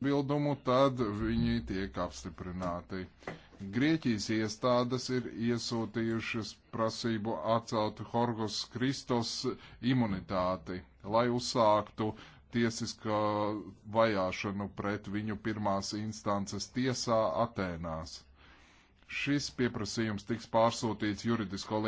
iebildumu, tad viņi tiek apstiprināti. Grieķijas iestādes ir iesūtījušas prasību atcelt Horgus Kristos imunitāti, lai uzsāktu tiesiskā vajāšanu pret viņu pirmās instances tiesā Atēnās. Šis pieprasījums tiks pārsūtīts juridisko lietu.